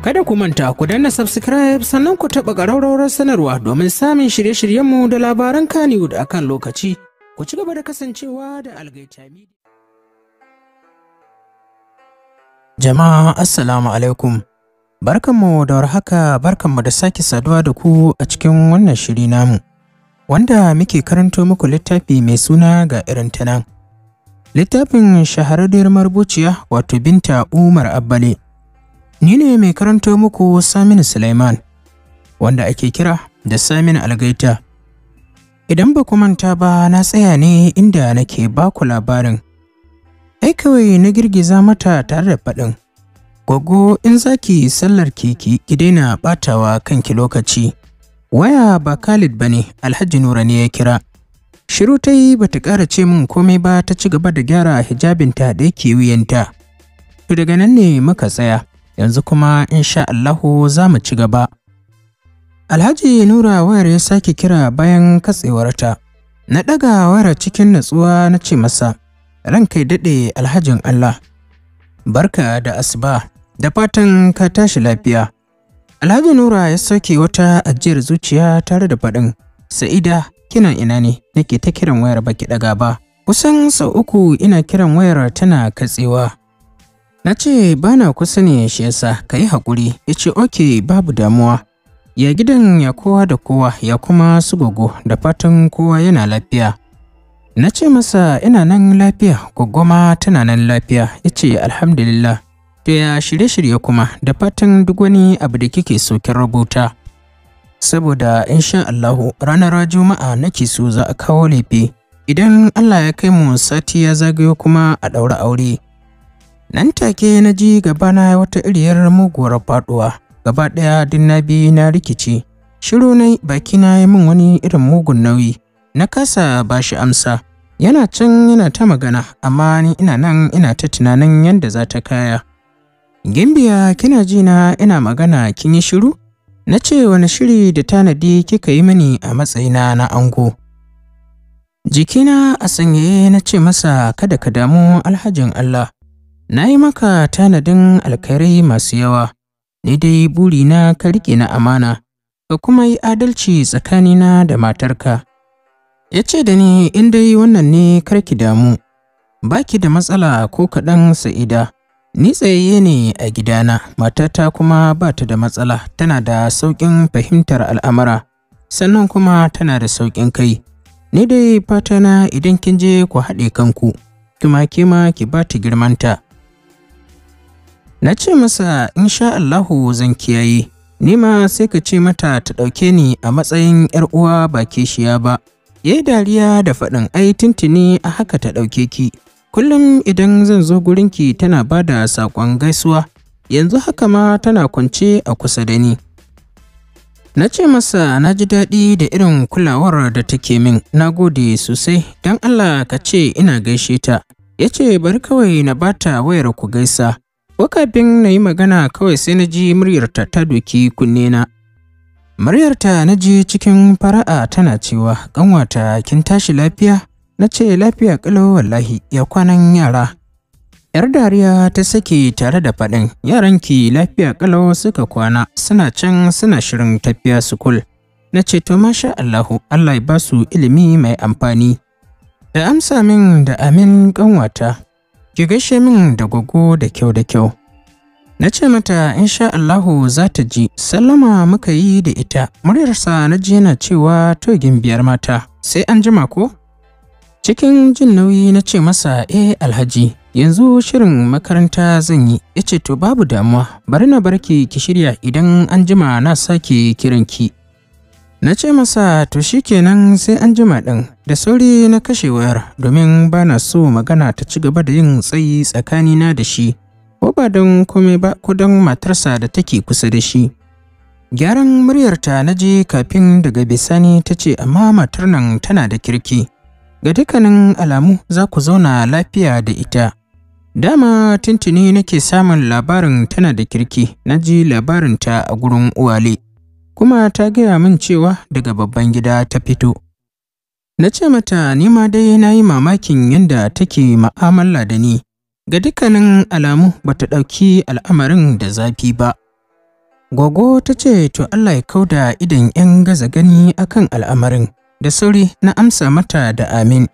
Kada ku manta ku danna subscribe sannan ku taɓa ƙararrawar sanarwa domin samun shirye-shiryenmu da labaran Kannywood a kan lokaci. Ku ci gaba da kasancewa da Algaita Media. Jama'a Assalamu alaikum. Barkanmu da warhaka barkanmu da sake saduwa da ku a cikin wannan shiri namu. Wanda muke karanto muku littafi mai suna ga irin ta nan. Littafin shahararriyar marubuciya wato Binta Umar Abbali. Ni ne mai karanto muku Saminu Suleiman, wanda ake kira da Saminu Algaita. Idan ba ku manta ba na tsaya ne inda nake ba ku labarin. Ai kawai na girgiza mata tare da faɗin. Gwaggo in za ki sallar kiki ki daina ɓatawa kanki lokaci. Waya ba Khalid ba ne, Alhaji Nura ne ya kira. Shiru ta yi ba ta ƙara ce min komai ba ta ci gaba da gyara hijabinta da yake wuyanta. To daga nan ne muka tsaya. yanzu kuma in sha Allahu za mu ci gaba. Alhaji Nura wayar ya sake kira bayan ta. Na ɗaga wayar cikin natsuwa na ce masa, kai daɗe alhajin Allah. Barka da asuba, da fatan ka tashi lafiya. Alhaji Nura ya sauke wata ajiyar zuciya tare da faɗin, Sa'ida, kinan ina ne nake ta kiran wayar baki ɗaga ba. Kusan sau uku ina kiran wayar tana katsewa. Na ce ba na kusa ne shi yasa ka yi haƙuri, ya ce oke babu damuwa. Ya gidan ya kowa da kowa ya kuma su gogo da fatan kowa yana lafiya. Na ce masa ina nan lafiya, gwaggwama tana nan lafiya, ya ce alhamdulillah. To ya shirye-shirye kuma da fatan duk wani abu da kike so kin rubuta. Saboda insha Allahu ranar Juma'a nake so za a kawo laifi. Idan Allah ya kai mu sati ya zagayo kuma a ɗaura aure. nan take na ji gabana wata iriyar muguwar faduwa gaba ɗaya din na biyu na rikici shiru na yi min wani irin mugun nauyi na kasa ba shi amsa yana can yana ta magana amma ni ina nan ina ta tunanin yadda za ta kaya gimbiya kina ji na ina magana kin yi shiru na ce wani shiri da tanadi kika yi mini a matsayina na ango jikina a sanyaye na ce masa kada ka damu alhajin allah Na yi maka tanadin alkhairai masu yawa, ni dai burina ka riƙe na amana, ka kuma yi adalci tsakanina da matarka. Ya ce da ni in dai wannan ne karki damu, ba ki da matsala ko kaɗan sa'ida, ni tsayayye ne a gidana, matata kuma ba ta da matsala, tana da sauƙin fahimtar al'amara, sannan kuma tana da sauƙin kai. Ni dai fatana idan kin je ku haɗe kanku, kima-kima ki ba ta girmanta. Na ce masa insha Allahu zan kiyaye, Ni ma sai ka ce mata ta ɗauke ni a matsayin ‘yar uwa ba shiya ba. Ya yi dariya da faɗin ai tuntuni a haka ta ɗauke ki. Kullum idan zan zo gurinki tana ba da saƙon gaisuwa, yanzu haka ma tana kwance a kusa da ni. Na ce masa na ji daɗi da irin kulawar da take min, na gode sosai, don Allah ka ce ina gaishe ta. Ya ce bari kawai na bata wayar ku gaisa, Wakafin na yi magana kawai sai na ji muryarta ta doki kunnena. Muryarta na ji cikin fara'a tana cewa, ƙanwata kin tashi lafiya? Na ce lafiya ƙalau wallahi ya kwanan yara. ‘Yar dariya ta sake tare da faɗin, ki lafiya ƙalau suka kwana, suna can suna shirin tafiya sukul. Na ce to masha Allahu, Allah ya basu ilimi mai amfani. Da amsa min da amin ƙanwata, ki gaishe min da gogo da kyau da kyau. Na ce mata insha Allahu za ta ji, sallama muka yi da ita, muryarsa na ji yana cewa togin biyar mata, sai an jima ko? Cikin jin nauyi na ce masa eh alhaji, yanzu shirin makaranta zan yi, ya ce to babu damuwa, bari na barki ki shirya idan an jima na sake kiranki. Na ce masa to shi kenan sai an jima ɗin da sauri na kashe wayar domin ba na so magana ta ci gaba da yin tsayi tsakanina da shi ko ba don komai ba ko don matarsa da take kusa da shi. Gyaran muryarta na ji kafin daga bisani ta ce amma matar nan tana da kirki. Ga dukkanin alamu za ku zauna lafiya da ita. Dama tuntuni nake samun labarin tana da kirki, na ji labarinta a gurin uwale. kuma ta gaya min cewa daga babban gida ta fito. Na ce mata ni ma dai na yi mamakin yadda take ma'amala da ni, ga dukkanin alamu ba ta ɗauki al'amarin da zafi ba. Gogo ta ce to Allah ya kauda idan 'yan gaza gani akan al'amarin, da sauri na amsa mata da amin.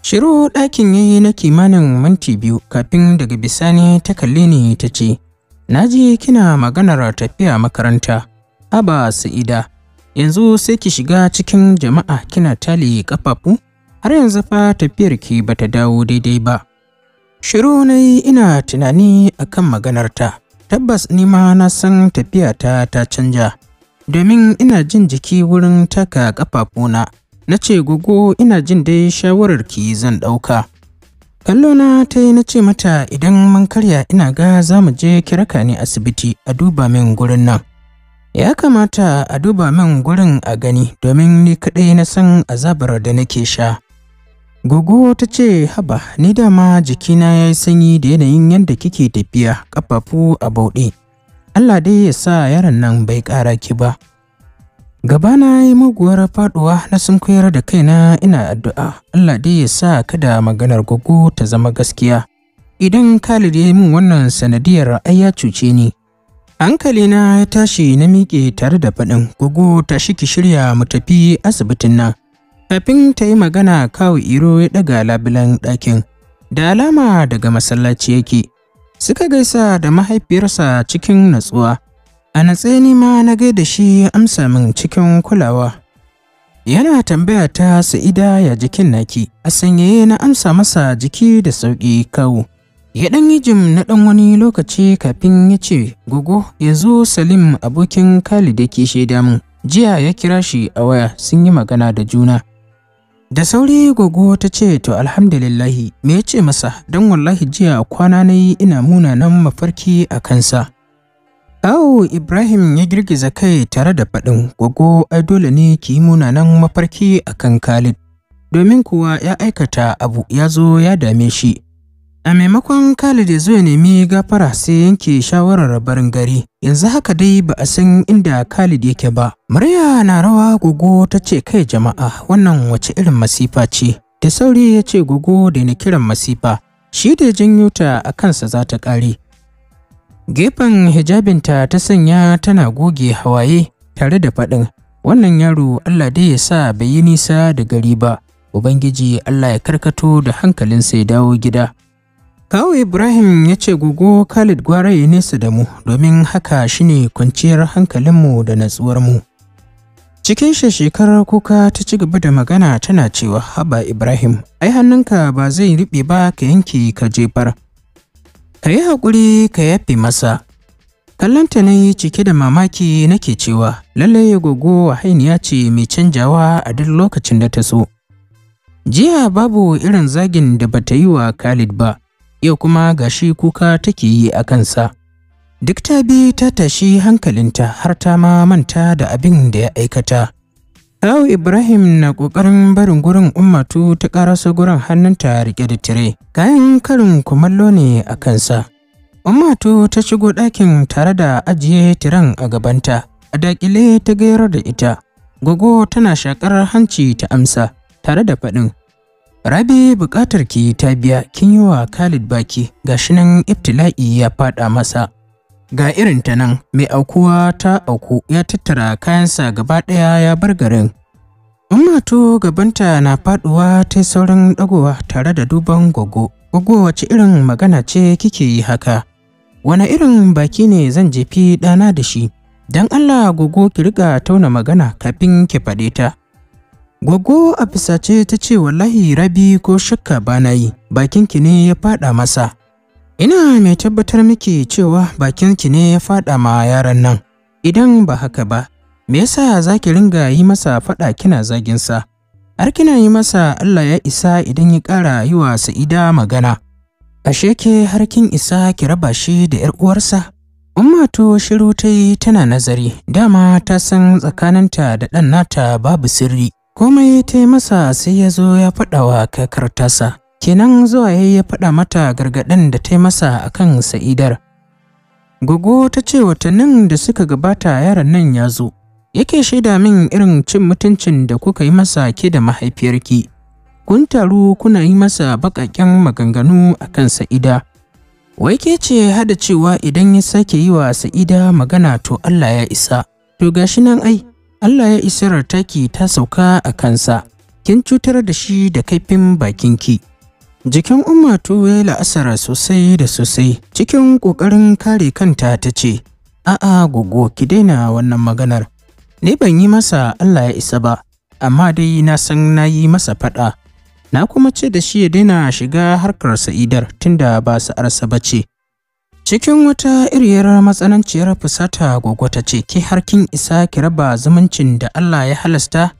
Shiru ɗakin yayi na kimanin minti biyu kafin daga bisani ta kalle ni ta ce, Na ji kina maganar tafiya makaranta. Aba Sa'ida, yanzu sai ki shiga cikin jama'a kina tali kafafu? har yanzu fa tafiyar ki bata dawo daidai ba. Shiru na ina tunani akan maganar ta tabbas ni ma na san tafiyata ta canja, domin ina jin jiki wurin taka ƙafafuna. Na ce gogo ina jin dai shawarar ki zan ɗauka. Kallona ta yi na ce mata idan mun karya ina ga za mu je kiraka ne asibiti a duba min gurin nan. ya kamata a duba min gurin a gani domin ni kaɗai na san azabar da nake sha Gugu ta ce, Haba, ni dama jikina ya yi sanyi da yanayin yadda kike tafiya, ƙafafu a bauɗe. Allah dai ya sa yaron nan bai ƙara ki ba. Gaba ya yi muguwar faɗuwa na sunkuyar da kaina ina addu'a, Allah dai ya sa kada maganar Gugu ta zama gaskiya. Idan Khalid ya yi min wannan sanadiyar ai ya cuce ni, Hankalina ya tashi na miƙe tare da faɗin gugu ta shi ki shirya mu tafi asibitin nan. Kafin ta yi magana kawo iro ya ɗaga labulan ɗakin. Da alama daga masallaci yake. Suka gaisa da mahaifiyarsa cikin natsuwa. A natse ni ma na gaida shi ya amsa min cikin kulawa. Yana tambaya ta Sa'ida ya jikin naki, a sanyaye na amsa masa jiki da sauƙi kawo. ya ɗan yi jim na ɗan wani lokaci kafin ya ce gogo ya zo salim abokin khalid yake shaida min jiya ya kira shi a waya sun yi magana da juna da sauri gogo ta ce to alhamdulillahi me ya ce masa don wallahi jiya kwana na yi ina munanan mafarki a kansa Awo Ibrahim ya girgiza kai tare da faɗin gogo ai dole ne ki yi munanan mafarki a kan Khalid. Domin kuwa ya aikata abu ya zo ya dame shi A maimakon Khalid ya zo ya nemi gafara sai yanke shawarar barin gari. Yanzu haka dai ba a san inda Khalid yake ba. Murya na rawa gogo ta ce kai jama'a wannan wace irin masifa ce. Da sauri ya ce gogo da na kiran masifa. Shi da janyo ta a kansa za ta ƙare. Gefen hijabinta ta sanya tana goge hawaye tare da faɗin. Wannan yaro Allah dai ya sa bai yi nisa da gari ba. Ubangiji Allah ya karkato da hankalinsa ya dawo gida. Kawo Ibrahim ya ce gogo Khalid gwara ya nesa da mu domin haka shine kwanciyar hankalinmu da mu. Cikin shekarar kuka ta ci gaba da magana tana cewa haba Ibrahim, ai hannunka ba zai riɓe ba ka yanke ka jefar. Ka yi haƙuri ka yafe masa. Kallonta nayi cike da mamaki nake cewa lallai gogo wahainiya ce mai canjawa a duk lokacin da ta so. Jiya babu irin zagin da bata yi wa Khalid ba. yau kuma gashi kuka take yi a kansa. Duk ta bi ta tashi hankalinta har ta ma manta da abin da ya aikata. Kawu Ibrahim na ƙoƙarin barin gurin ummatu ta ƙaraso gurin hannunta riƙe da tire, kayan karin kumallo ne a kansa. Ummatu ta shigo ɗakin tare da ajiye tiran a gabanta, a daƙile ta gayar da ita. Gogo tana shaƙar hanci ta amsa, tare da faɗin, Rabi buƙatar ki ta biya kin yi wa Khalid baki gashi nan ibtila'i ya faɗa masa. Ga irin ta nan mai aukuwa ta auku ya tattara kayansa gaba ɗaya ya bar garin. Ummato gabanta na faɗuwa ta saurin ɗagowa tare da duban gogo. Gogo wace irin magana ce kike yi haka? Wane irin baki ne zan jefi ɗana da shi? Don Allah gogo ki riƙa tauna magana kafin ki faɗe ta. Gwaggo a fisace ta ce wallahi rabi ko shakka ba na yi, ki ne ya faɗa masa. Ina mai tabbatar miki cewa bakinki ne ya faɗa ma yaran nan, idan ba haka ba, me yasa za ki ringa yi masa faɗa kina zaginsa? Har kina yi masa Allah ya isa idan ya ƙara yi wa Sa'ida magana. Ashe ke har kin isa ki raba shi da ‘yar uwarsa? Umma shiru ta yi tana nazari, dama ta san tsakaninta da ɗan nata babu sirri. komai ta masa sai ya zo ya faɗa wa kakar tasa kenan zuwa ya ya faɗa mata gargaɗin da ta masa a kan sa'idar gugu ta ce watannin da suka gabata yaron nan ya zo yake shaida min irin cin mutuncin da kuka yi masa ke da mahaifiyarki kun taru kuna yi masa baƙaƙen maganganu akan kan sa'ida wai ke ce hada cewa idan ya sake yi wa sa'ida magana to allah ya isa to gashi nan ai Allah ya isarar taki ta sauka a kansa, kin cutar da shi da kaifin bakinki. Jikin Umma ya la'asara sosai da sosai cikin ƙoƙarin kare kanta ta ce, A'a gogo ki daina wannan maganar. Ni ban yi masa Allah ya isa ba, amma dai na san na yi masa faɗa. Na kuma ce da shi ya daina shiga harkar sa'idar tunda ba sa'arsa ba ce. Cikin wata iriyar matsananciyar fusata gwagwata ce, Ke har kin isa ki raba zumuncin da Allah ya halasta?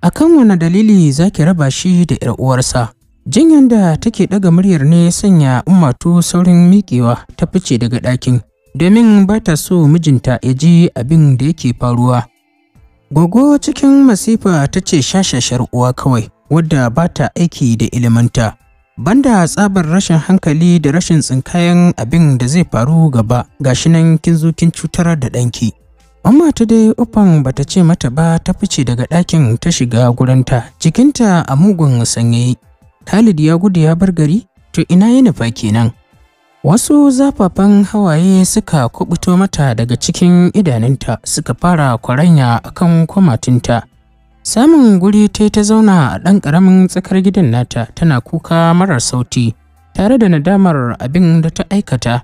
A kan wani dalili za ki raba shi da ‘yar uwarsa? Jinyar da take ɗaga muryar ne sanya ummatu saurin miƙewa ta fice daga ɗakin, domin ba ta so mijinta ya ji abin da yake faruwa. Gogo cikin masifa ta ce shashashar uwa kawai, wadda ba ta aiki da ilimanta. banda tsabar rashin hankali da rashin tsinkayen abin da zai faru gaba gashi nan kin zo kin cutar da ɗanki Amma ta dai ufan ta ce mata ba ta fice daga ɗakin ta shiga gurinta, jikinta a mugun sanyayi. Khalid ya gudu ya bar gari, to ina yi nufa kenan. Wasu zafafan hawaye suka kubuto mata daga cikin idanunta suka fara kwaranya akan kwamatinta. Samun guri ta ta zauna a ɗan ƙaramin tsakar gidan nata tana kuka marar sauti tare da nadamar abin da ta aikata.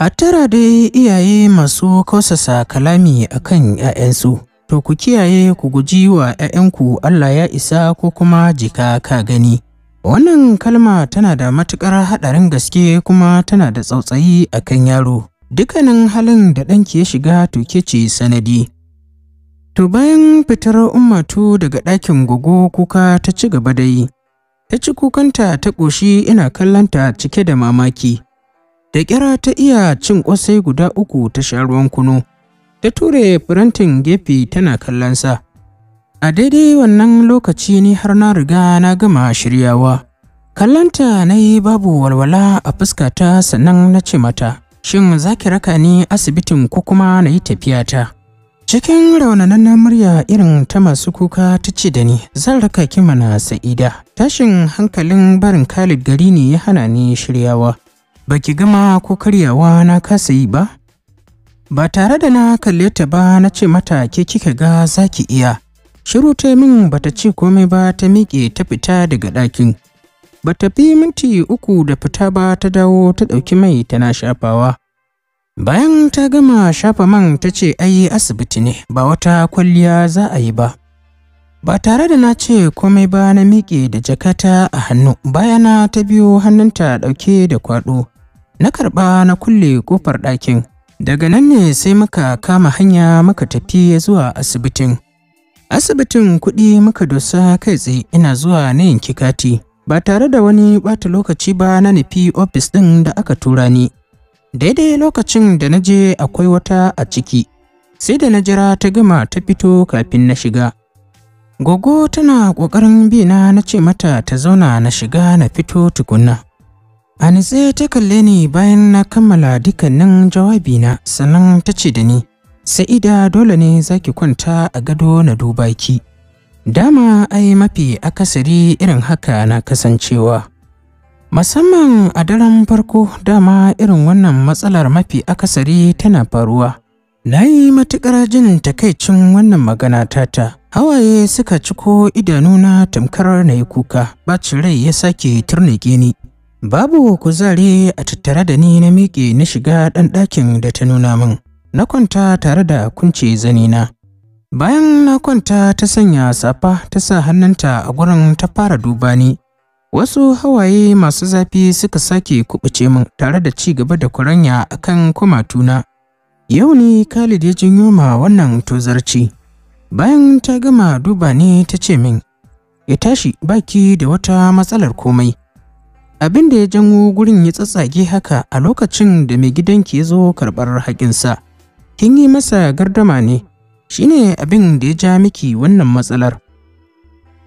A tara dai iyaye masu kausasa kalami a kan ‘ya'yansu, to ku kiyaye ku guji wa ‘ya'yanku Allah ya isa ko kuma jika ka gani. Wannan kalma tana da matuƙar haɗarin gaske kuma tana da tsautsayi a kan yaro. dukanin halin da ɗanki ya shiga to ke ce sanadi. To bayan fitar ummatu daga ɗakin gogo kuka ta ci gaba da yi, ta ci kukanta ta ƙoshi ina kallanta cike da mamaki. Da ƙira ta iya cin ƙwasai guda uku ta sha ruwan kuno, ta ture firantin gefe tana kallonsa. A daidai wannan lokaci ne har na riga na gama shiryawa. Kallanta na yi babu walwala a fuskata sannan na ce mata, Shin za ki raka ni asibitin ko kuma na yi tafiyata? Cikin raunanan murya irin ta masu kuka ta ce da ni, zan raka ki mana sa'ida. Tashin hankalin barin Khalid gari ne ya hana ni shiryawa. Ba ki gama ko karyawa na kasa yi ba? Ba tare da na kalle ta ba na ce mata ke kika ga za ki iya. Shiru ta min bata ce komai ba ta miƙe ta fita daga ɗakin. Ba ta fi minti uku da fita ba ta dawo ta ɗauki mai tana shafawa. Bayan ta gama shafa man ta ce ai asibiti ne ba wata kwalliya za a yi ba. Ba tare da na ce komai ba na miƙe da jakata a hannu bayana ta biyo hannunta ɗauke da kwaɗo. Na karɓa na kulle ƙofar ɗakin. Daga nan ne sai muka kama hanya muka tafi zuwa asibitin. Asibitin kuɗi muka dosa kai tsaye ina zuwa na yin kikati. Ba tare da wani ɓata lokaci ba na nufi ofis ɗin da aka tura ni. daidai lokacin da na je akwai wata a ciki sai da na jira ta gama ta fito kafin na shiga gogo tana ƙoƙarin bina na ce mata ta zauna na shiga na fito tukunna a nitse ta kalle ni bayan na kammala dukkanin na sannan ta ce da ni sai sa'ida dole ne za ki kwanta a gado na duba ki dama ai mafi akasari irin haka na kasancewa Musamman a daren farko dama irin wannan matsalar mafi akasari tana faruwa. Na yi matuƙar jin takaicin wannan magana tata. Hawaye suka ciko idanuna tamkar na yi kuka, bacin rai ya sake turnike ni. Babu kuzari a tattare da ni na miƙe na shiga ɗan ɗakin da ta nuna min. Na kwanta tare da kunce zanina. Bayan na kwanta ta sanya safa ta sa hannunta a gurin ta fara duba ni. Wasu hawaye masu zafi suka sake kubuce min tare da ci gaba da kuranya akan kan kumatuna. Yau ne Khalid ya janyo ma wannan tozarci. Bayan ta gama duba ne ta ce min, ya tashi baki da wata matsalar komai. Abin da ya janyo gurin ya tsatsage haka a lokacin da mai gidanki ya zo karɓar haƙinsa. Kin yi masa gardama ne, shine abin da ya ja miki wannan matsalar.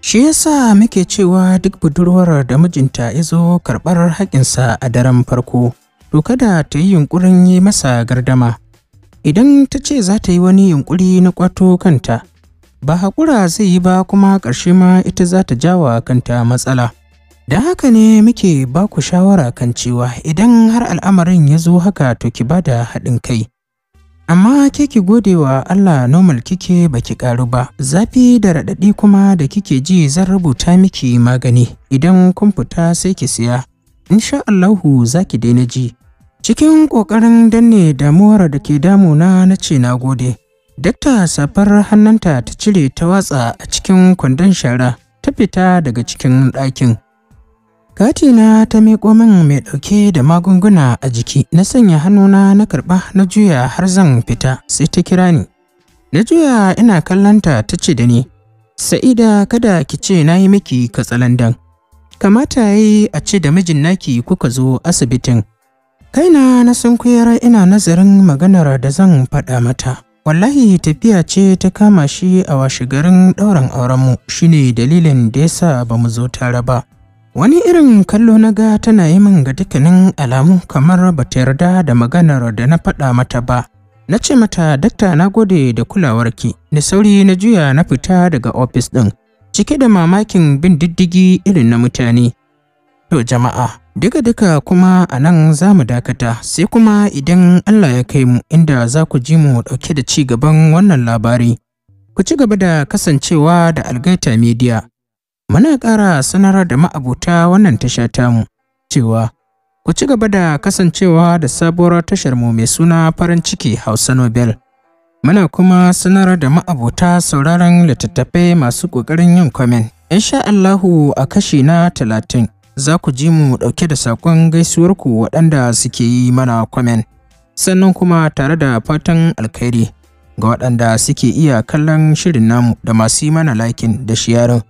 Shi yasa muke cewa duk budurwar da mijinta ya zo karɓar haƙinsa a daren farko, to kada ta yi yunƙurin yi masa gardama. Idan ta ce za ta yi wani yunƙuri na ƙwato kanta, ba haƙura zai yi ba kuma ƙarshe ma ita za ta jawa kanta matsala. Da haka ne muke ba ku shawara kan cewa idan har al'amarin ya zo haka to ki ba da haɗin kai. Amma ke ki gode wa Allah normal kike baki ƙaru ba, zafi da raɗaɗi kuma da kike ji zan rubuta miki magani, idan kun fita sai ki siya, insha Allahu zaki ki daina ji. Cikin ƙoƙarin danne damuwar da ke damu na nace na gode. Dakta safar hannunta ta cire ta watsa a cikin kwandon shara, ta fita daga cikin ɗakin. Katina ta miƙo min mai ɗauke da magunguna a jiki, na sanya hannuna na karɓa na juya har zan fita sai ta kira ni. Na juya ina kallonta ta ce da ni, Sa'ida kada ki ce na yi miki katsalandan. Kamata ya yi a ce da mijin naki kuka zo asibitin. Kaina na sunkuyar ina nazarin maganar da zan faɗa mata. Wallahi tafiya ce ta kama shi a washegarin ɗauran aurenmu shine dalilin da ya sa ba zo tare ba. Wani irin kallo na ga tana yi min ga dukkanin alamu kamar ba ta yarda da maganar da na faɗa mata ba. Na ce mata, Dakta na gode da kulawarki, da sauri na juya na fita daga ofis ɗin, cike da mamakin bin diddigi irin na mutane. To jama'a, duka-duka kuma a nan za mu dakata, sai kuma idan Allah ya kai mu inda za ku ji mu ɗauke da ci gaban wannan labari. Ku ci gaba da kasancewa da Algaita Media. Muna ƙara sanar da ma'abuta wannan tasha mu, cewa ku ci gaba da kasancewa da sabuwar tashar mu mai suna farin ciki Hausa Nobel. Muna kuma sanar da ma'abuta sauraron littattafai masu ƙoƙarin yin kwamen. Insha Allahu a kashi na talatin za ku ji mu ɗauke da saƙon gaisuwarku waɗanda suke yi mana kwamen. Sannan kuma tare da fatan alkhairi. ga waɗanda suke iya kallon shirin namu da masu yi mana laikin da sharing